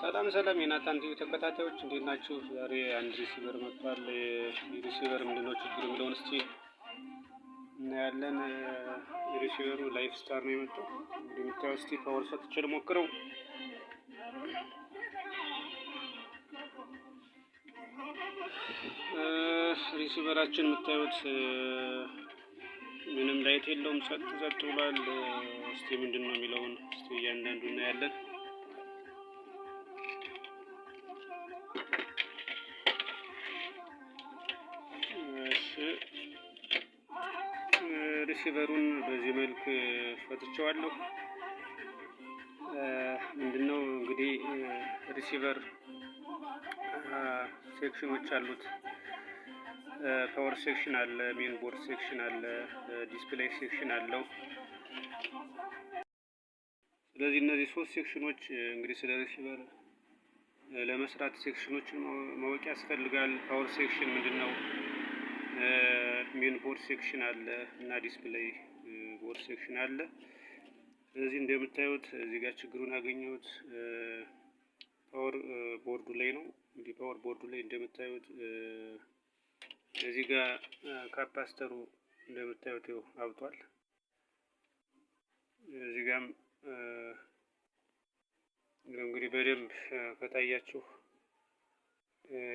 ሰላም ሰላም የናታን ቲቪ ተከታታዮች እንዴት ናችሁ? ዛሬ አንድ ሪሲቨር መጥቷል። ሪሲቨር ምንድን ነው ችግር የሚለውን እስቲ እናያለን። ሪሲቨሩ ላይፍ ስታር ነው የመጣው እንደምታየው። እስቲ ፓወር ሰጥቼ ልሞክረው። ሪሲቨራችን የምታዩት ምንም ላይት የለውም፣ ጸጥ ጸጥ ብሏል። እስቲ ምንድን ነው የሚለውን እስቲ እያንዳንዱ እናያለን። ሪሲቨሩን በዚህ መልክ ፈትቸዋለሁ። ምንድነው እንግዲህ ሪሲቨር ሴክሽኖች አሉት። ፓወር ሴክሽን አለ፣ ሜን ቦርድ ሴክሽን አለ፣ ዲስፕሌይ ሴክሽን አለው። ስለዚህ እነዚህ ሶስት ሴክሽኖች እንግዲህ ስለ ሪሲቨር ለመስራት ሴክሽኖችን ማወቅ ያስፈልጋል። ፓወር ሴክሽን ምንድን ነው? ሜን ቦርድ ሴክሽን አለ እና ዲስፕሌይ ቦርድ ሴክሽን አለ። ስለዚህ እንደምታዩት እዚህ ጋር ችግሩን ያገኘሁት ፓወር ቦርዱ ላይ ነው። እንግዲህ ፓወር ቦርዱ ላይ እንደምታዩት እዚህ ጋር ካፓስተሩ እንደምታዩት ይኸው አብጧል። እዚህ ጋም እንግዲህ በደንብ ከታያችሁ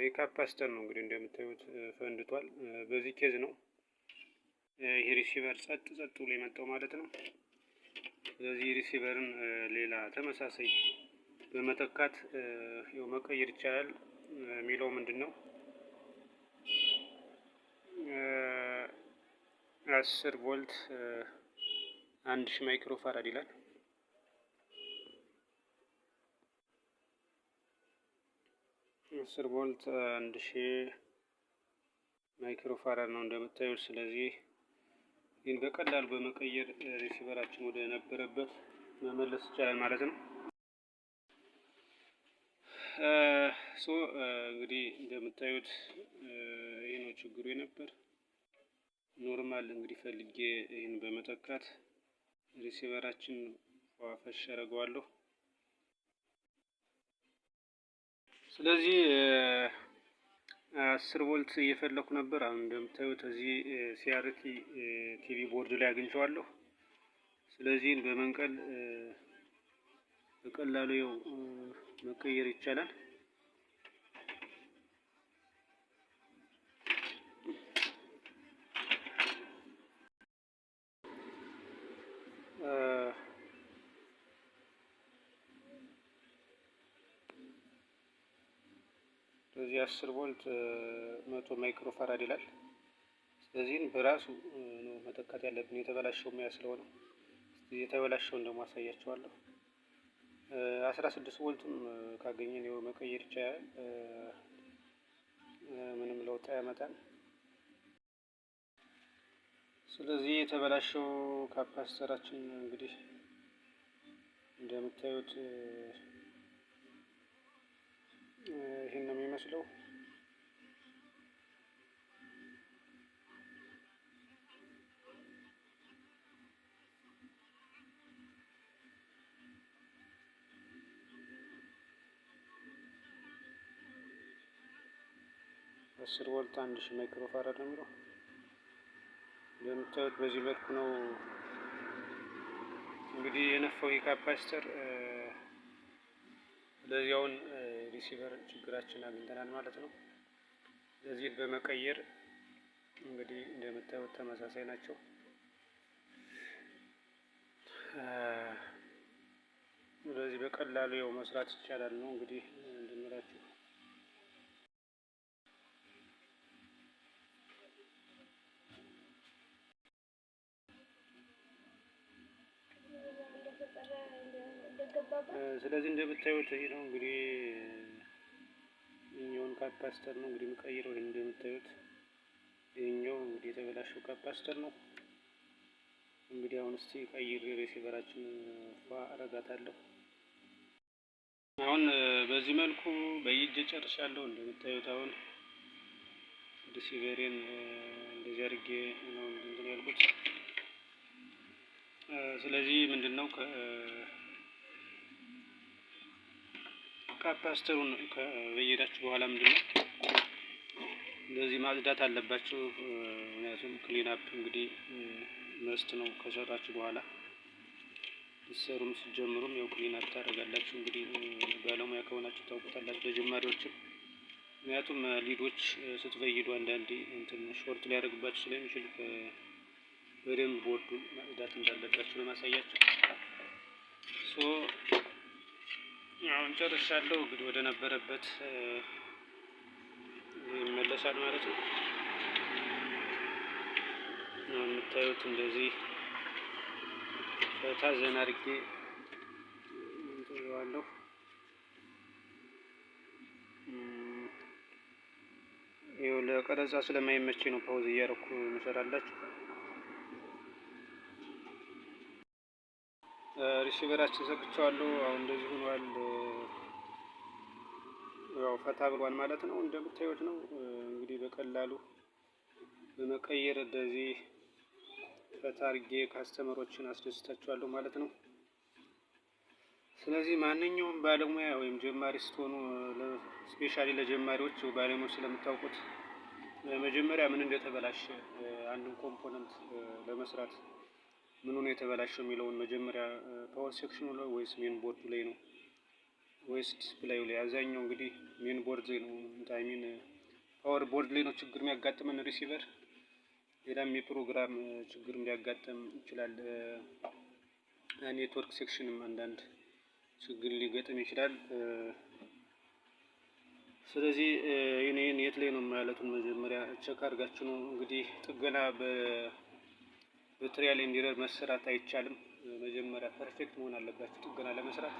የካፓስተር ነው እንግዲህ እንደምታዩት ፈንድቷል። በዚህ ኬዝ ነው ይህ ሪሲቨር ጸጥ ጸጥ ብሎ የመጣው ማለት ነው። ስለዚህ ሪሲቨርን ሌላ ተመሳሳይ በመተካት ያው መቀየር ይቻላል። የሚለው ምንድን ነው አስር ቮልት አንድ ሺህ ማይክሮፋራድ ይላል። አስር ቮልት አንድ ሺ ማይክሮፋራድ ነው እንደምታዩት። ስለዚህ ይህን በቀላሉ በመቀየር ሪሲቨራችን ወደ ነበረበት መመለስ ይቻላል ማለት ነው። ሶ እንግዲህ እንደምታዩት ይህ ነው ችግሩ የነበር ኖርማል እንግዲህ ፈልጌ ይህን በመተካት ሪሲቨራችን ፈሽ አደርገዋለሁ። ስለዚህ አስር ቮልት እየፈለኩ ነበር። አሁን እንደምታዩት እዚህ ሲአርቲ ቲቪ ቦርድ ላይ አግኝቼዋለሁ። ስለዚህ በመንቀል በቀላሉ መቀየር ይቻላል። እዚህ አስር ቮልት መቶ ማይክሮ ፋራድ ይላል። ስለዚህ በራሱ ነው መተካት ያለብን የተበላሸው ሙያ ስለሆነ የተበላሸውን ደግሞ አሳያቸዋለሁ። አስራ ስድስት ቮልትም ካገኘን ይኸው መቀየር ይቻላል። ምንም ለውጥ አያመጣም። ስለዚህ የተበላሸው ካፓስተራችን እንግዲህ እንደምታዩት ይህን ነው የሚመስለው። አስር ቮልት አንድ ሺህ ማይክሮፋራድ ነው የሚለው። እንደምታዩት በዚህ መልኩ ነው እንግዲህ የነፋው ይህ ለዚያውን ሪሲቨር ችግራችን አግኝተናል ማለት ነው። ስለዚህ በመቀየር እንግዲህ እንደምታዩት ተመሳሳይ ናቸው። ስለዚህ በቀላሉ ያው መስራት ይቻላል ነው እንግዲህ እንደምላችሁ ስለዚህ እንደምታዩት ይሄ ነው እንግዲህ ካፓስተር ነው እንግዲህ የምቀይረው። ይህን እንደምታዩት ይህኛው እንግዲህ የተበላሸው ካፓስተር ነው። እንግዲህ አሁን እስቲ ቀይር ሪሲቨራችን ፏ አረጋታለሁ። አሁን በዚህ መልኩ በይጄ ጨርሻለሁ። እንደምታዩት አሁን ሪሲቨሬን እንደዚህ አድርጌ ነው እንትን ያልኩት። ስለዚህ ምንድን ነው ካፓስተሩን ከበየዳችሁ በኋላ ምንድነው እንደዚህ ማጽዳት አለባችሁ። ምክንያቱም ክሊን አፕ እንግዲህ መስት ነው። ከሰራችሁ በኋላ ሲሰሩም ሲጀምሩም ያው ክሊን አፕ ታደርጋላችሁ። እንግዲህ ባለሙያ ከሆናችሁ ታውቁታላችሁ፣ ለጀማሪዎችም ምክንያቱም ሊዶች ስትበይዱ አንዳንዴ እንትን ሾርት ሊያደርግባችሁ ስለሚችል በደንብ ቦርዱን ማጽዳት እንዳለባችሁ ለማሳያችሁ አሁን ጨርሻለሁ። እንግዲህ ወደ ነበረበት ይመለሳል ማለት ነው። የምታዩት እንደዚህ ፈታ ዘና አድርጌ እንትዋለሁ። ይኸው ለቀረጻ ስለማይመቼ ነው ፓውዝ እያደረኩ እንሰራላችሁ። ሪሲቨራችን ሰክቸዋለሁ። አሁን እንደዚህ ሆኗል። ያው ፈታ ብሏል ማለት ነው። እንደምታዩት ነው እንግዲህ በቀላሉ በመቀየር እንደዚህ ፈታ አድርጌ ካስተመሮችን አስደስታቸዋለሁ ማለት ነው። ስለዚህ ማንኛውም ባለሙያ ወይም ጀማሪ ስትሆኑ ስፔሻሊ ለጀማሪዎች ባለሙያ ስለምታውቁት መጀመሪያ ምን እንደተበላሸ አንድን ኮምፖነንት ለመስራት ምኑ ነው የተበላሸው የሚለውን መጀመሪያ ፓወር ሴክሽኑ ላይ ወይስ ሜን ቦርዱ ላይ ነው ወይስ ዲስፕላዩ ላይ? አብዛኛው እንግዲህ ሜን ቦርድ ላይ ነው ታይሚን ፓወር ቦርድ ላይ ነው ችግር የሚያጋጥመን ሪሲቨር ሌላም የፕሮግራም ችግር ሊያጋጥም ይችላል። ኔትወርክ ሴክሽንም አንዳንድ ችግር ሊገጥም ይችላል። ስለዚህ ይህን የት ላይ ነው ማለቱን መጀመሪያ ቸክ አድርጋችሁ ነው እንግዲህ ጥገና በ በትሪያል ኤንድ መሰራት አይቻልም። መጀመሪያ ፐርፌክት መሆን አለባችሁ ጥገና ለመስራት።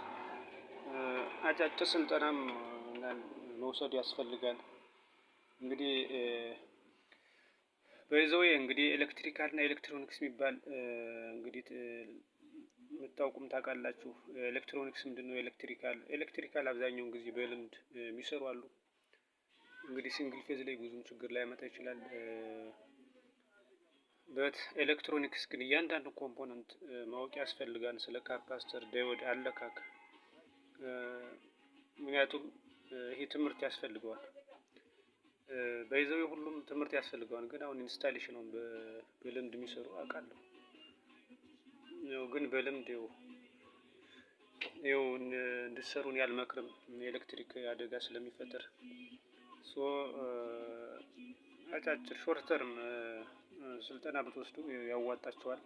አጫጭር ስልጠናም መውሰድ ያስፈልጋል። እንግዲህ በይዘው እንግዲህ ኤሌክትሪካል እና ኤሌክትሮኒክስ የሚባል እንግዲህ የምታውቁም ታውቃላችሁ። ኤሌክትሮኒክስ ምንድን ነው? ኤሌክትሪካል ኤሌክትሪካል አብዛኛውን ጊዜ በልምድ የሚሰሩ አሉ። እንግዲህ ሲንግል ፌዝ ላይ ብዙም ችግር ላያመጣ ይችላል። በኤሌክትሮኒክስ ግን እያንዳንዱ ኮምፖነንት ማወቅ ያስፈልጋል። ስለ ካፓስተር ዳይወድ አለካክ ምክንያቱም ይሄ ትምህርት ያስፈልገዋል። በይዘው ሁሉም ትምህርት ያስፈልገዋል። ግን አሁን ኢንስታሌሽኑን በልምድ የሚሰሩ አውቃለሁ። ያው ግን በልምድ ያው ያው እንድትሰሩን ያልመክርም የኤሌክትሪክ አደጋ ስለሚፈጠር ሶ አጫጭር ሾርተርም ስልጠና ብትወስዱ ያዋጣችኋል።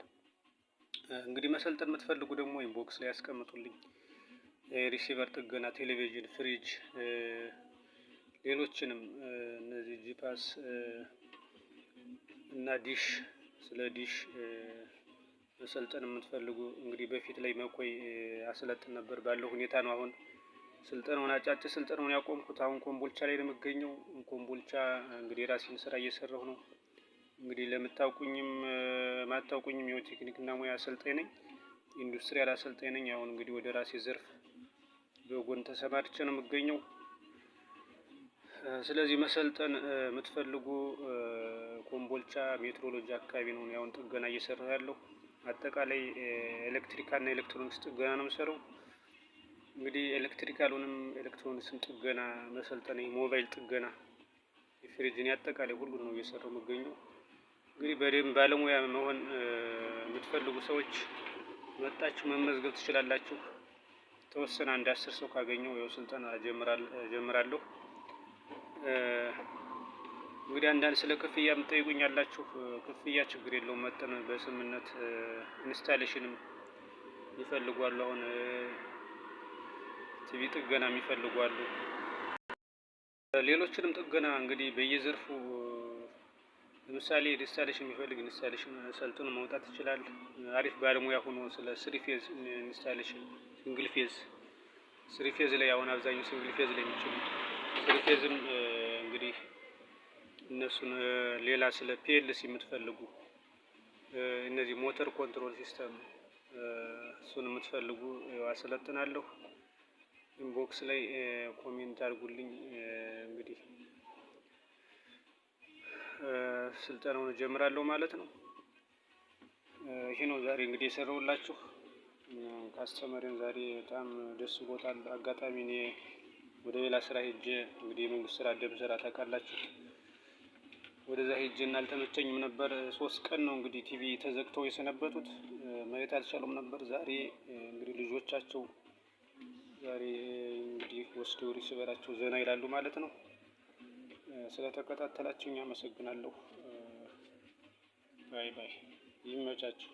እንግዲህ መሰልጠን የምትፈልጉ ደግሞ ኢንቦክስ ላይ ያስቀምጡልኝ። ሪሲቨር ጥገና፣ ቴሌቪዥን፣ ፍሪጅ፣ ሌሎችንም እነዚህ ጂፓስ እና ዲሽ ስለ ዲሽ መሰልጠን የምትፈልጉ እንግዲህ በፊት ላይ መኮይ አስለጥን ነበር። ባለው ሁኔታ ነው አሁን ስልጠናውን አጫጭ ስልጠናውን ያቆምኩት። አሁን ኮምቦልቻ ላይ ነው የምገኘው። ኮምቦልቻ እንግዲህ የራሴን ስራ እየሰራሁ ነው። እንግዲህ ለምታውቁኝም ማታውቁኝም የሆነ ቴክኒክና ሙያ አሰልጣኝ ነኝ፣ ኢንዱስትሪያል አሰልጣኝ ነኝ። አሁን እንግዲህ ወደ ራሴ ዘርፍ በጎን ተሰማርቼ ነው የምገኘው። ስለዚህ መሰልጠን የምትፈልጉ ኮምቦልቻ ሜትሮሎጂ አካባቢ ነው ያሁን ጥገና እየሰራ ያለው። አጠቃላይ ኤሌክትሪካልና ኤሌክትሮኒክስ ጥገና ነው የምሰራው። እንግዲህ ኤሌክትሪካሉንም ኤሌክትሮኒክስን ጥገና መሰልጠን፣ ሞባይል ጥገና፣ ፍሪጅን፣ ያጠቃላይ ሁሉን ነው እየሰራው የምገኘው። እንግዲህ በደንብ ባለሙያ መሆን የምትፈልጉ ሰዎች መጣችሁ መመዝገብ ትችላላችሁ። ተወሰነ አንድ አስር ሰው ካገኘው ያው ስልጠና ጀምራለሁ። እንግዲህ አንዳንድ ስለ ክፍያ የምጠይቁኝ ያላችሁ ክፍያ ችግር የለውም። መጠን በስምነት ኢንስታሌሽንም ይፈልጓሉ። አሁን ቲቪ ጥገናም ይፈልጓሉ። ሌሎችንም ጥገና እንግዲህ በየዘርፉ ለምሳሌ ኢንስታሌሽን የሚፈልግ ኢንስታሌሽን ሰልጥኖ መውጣት ይችላል። አሪፍ ባለሙያ ሆኖ ስለ ስሪ ፌዝ ኢንስታሌሽን፣ ሲንግል ፌዝ፣ ስሪ ፌዝ ላይ አሁን አብዛኛው ሲንግል ፌዝ ላይ የሚችሉ ስሪ ፌዝም እንግዲህ እነሱን ሌላ ስለ ፒኤልሲ የምትፈልጉ እነዚህ ሞተር ኮንትሮል ሲስተም እሱን የምትፈልጉ አሰለጥናለሁ። ኢንቦክስ ላይ ኮሜንት አድርጉልኝ። ስልጠናውን እጀምራለሁ ማለት ነው። ይሄ ነው ዛሬ እንግዲህ የሰራሁላችሁ። ካስተመሪን ዛሬ በጣም ደስ ቦታል። አጋጣሚ እኔ ወደ ሌላ ስራ ሄጄ እንግዲህ የመንግስት ስራ ደብ ስራ ታውቃላችሁ፣ ወደዛ ሄጄ እና አልተመቸኝም ነበር። ሶስት ቀን ነው እንግዲህ ቲቪ ተዘግተው የሰነበቱት ማየት አልቻሉም ነበር። ዛሬ እንግዲህ ልጆቻቸው ዛሬ እንግዲህ ወስደው እርስ ዘና ይላሉ ማለት ነው። ስለተከታተላችሁ አመሰግናለሁ። ባይ ባይ። ይመቻችሁ።